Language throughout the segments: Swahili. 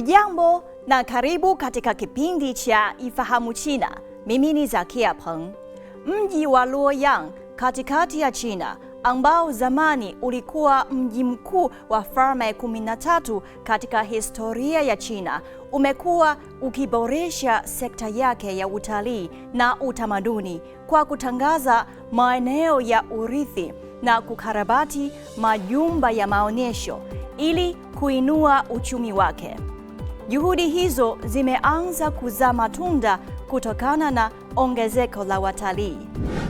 Hujambo na karibu katika kipindi cha Ifahamu China. Mimi ni Zakia Peng. Mji wa Luoyang katikati ya China ambao zamani ulikuwa mji mkuu wa falme 13 katika historia ya China umekuwa ukiboresha sekta yake ya utalii na utamaduni kwa kutangaza maeneo ya urithi na kukarabati majumba ya maonyesho ili kuinua uchumi wake. Juhudi hizo zimeanza kuzaa matunda kutokana na ongezeko la watalii.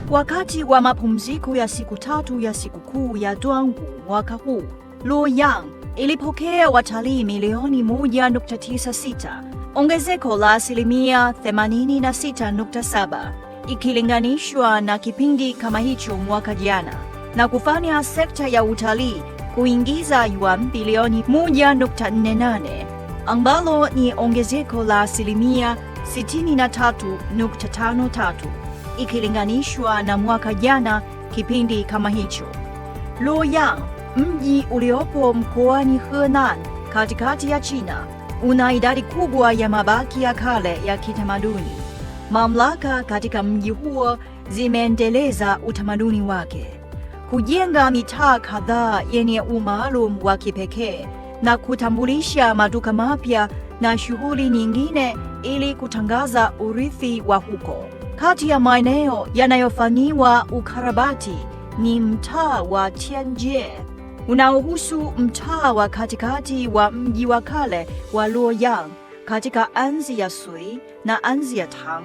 Wakati wa mapumziko ya siku tatu ya sikukuu ya Dwangu mwaka huu, Luoyang ilipokea watalii milioni 1.96, ongezeko la asilimia 86.7 ikilinganishwa na kipindi kama hicho mwaka jana, na kufanya sekta ya utalii kuingiza yuan bilioni 1.48 ambalo ni ongezeko la asilimia 63.53 ikilinganishwa na mwaka jana kipindi kama hicho. Luoyang, mji uliopo mkoani Henan katikati ya China, una idadi kubwa ya mabaki ya kale ya kitamaduni. Mamlaka katika mji huo zimeendeleza utamaduni wake, kujenga mitaa kadhaa yenye umaalum wa kipekee na kutambulisha maduka mapya na shughuli nyingine ili kutangaza urithi wa huko. Kati ya maeneo yanayofanyiwa ukarabati ni mtaa wa Tianjie unaohusu mtaa wa katikati wa mji wa kale wa Luoyang katika enzi ya Sui na enzi ya Tang.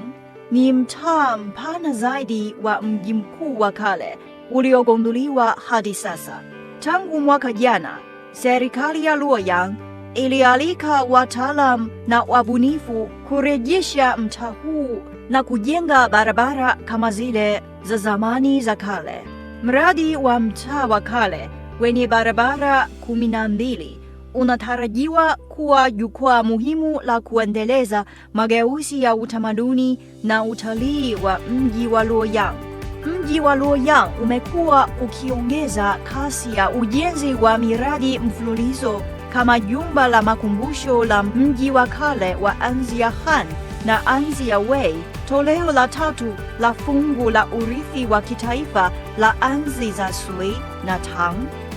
Ni mtaa mpana zaidi wa mji mkuu wa kale uliogunduliwa hadi sasa. Tangu mwaka jana serikali ya Luoyang ilialika wataalam na wabunifu kurejesha mtaa huu na kujenga barabara kama zile za zamani za kale. Mradi wa mtaa wa kale wenye barabara kumi na mbili unatarajiwa kuwa jukwaa muhimu la kuendeleza mageuzi ya utamaduni na utalii wa mji wa Luoyang. Mji wa Luoyang umekuwa ukiongeza kasi ya ujenzi wa miradi mfululizo kama jumba la makumbusho la mji wa kale wa ya Han na ya Wei, toleo la tatu la fungu la urithi wa kitaifa la Anzi za Sui na Tang,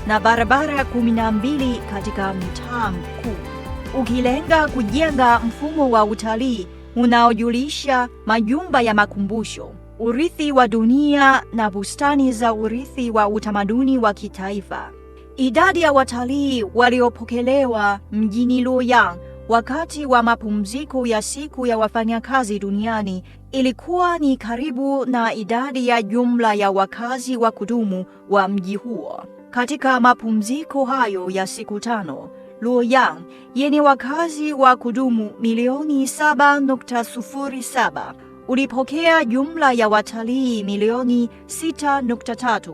na barabara 12 katika mitaa mkuu ukilenga kujenga mfumo wa utalii unaojulisha majumba ya makumbusho urithi wa dunia na bustani za urithi wa utamaduni wa kitaifa. Idadi ya watalii waliopokelewa mjini Luoyang wakati wa mapumziko ya siku ya wafanyakazi duniani ilikuwa ni karibu na idadi ya jumla ya wakazi wa kudumu wa mji huo. Katika mapumziko hayo ya siku tano, Luoyang yenye wakazi wa kudumu milioni 7.07 ulipokea jumla ya watalii milioni 6.3,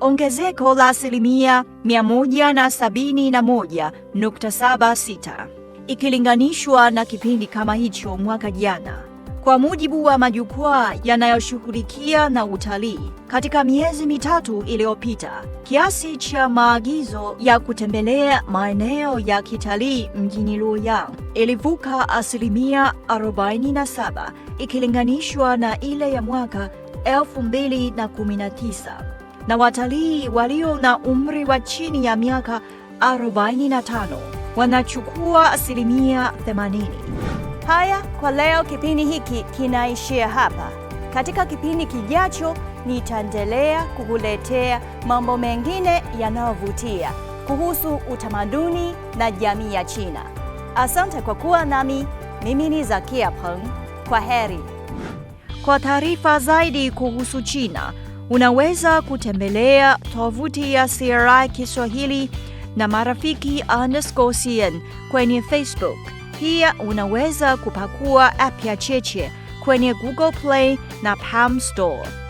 ongezeko la asilimia 171.76 ikilinganishwa na kipindi kama hicho mwaka jana. Kwa mujibu wa majukwaa yanayoshughulikia na utalii, katika miezi mitatu iliyopita, kiasi cha maagizo ya kutembelea maeneo ya kitalii mjini Luoyang ilivuka asilimia 47 ikilinganishwa na ile ya mwaka 2019 na watalii walio na umri wa chini ya miaka 45 wanachukua asilimia 80. Haya kwa leo, kipindi hiki kinaishia hapa. Katika kipindi kijacho, nitaendelea kukuletea mambo mengine yanayovutia kuhusu utamaduni na jamii ya China. Asante kwa kuwa nami. Mimi ni Zakia Peng. Kwa heri. Kwa taarifa zaidi kuhusu China unaweza kutembelea tovuti ya CRI Kiswahili na marafiki underscore cn kwenye Facebook. Pia unaweza kupakua app ya Cheche kwenye Google Play na Palm Store.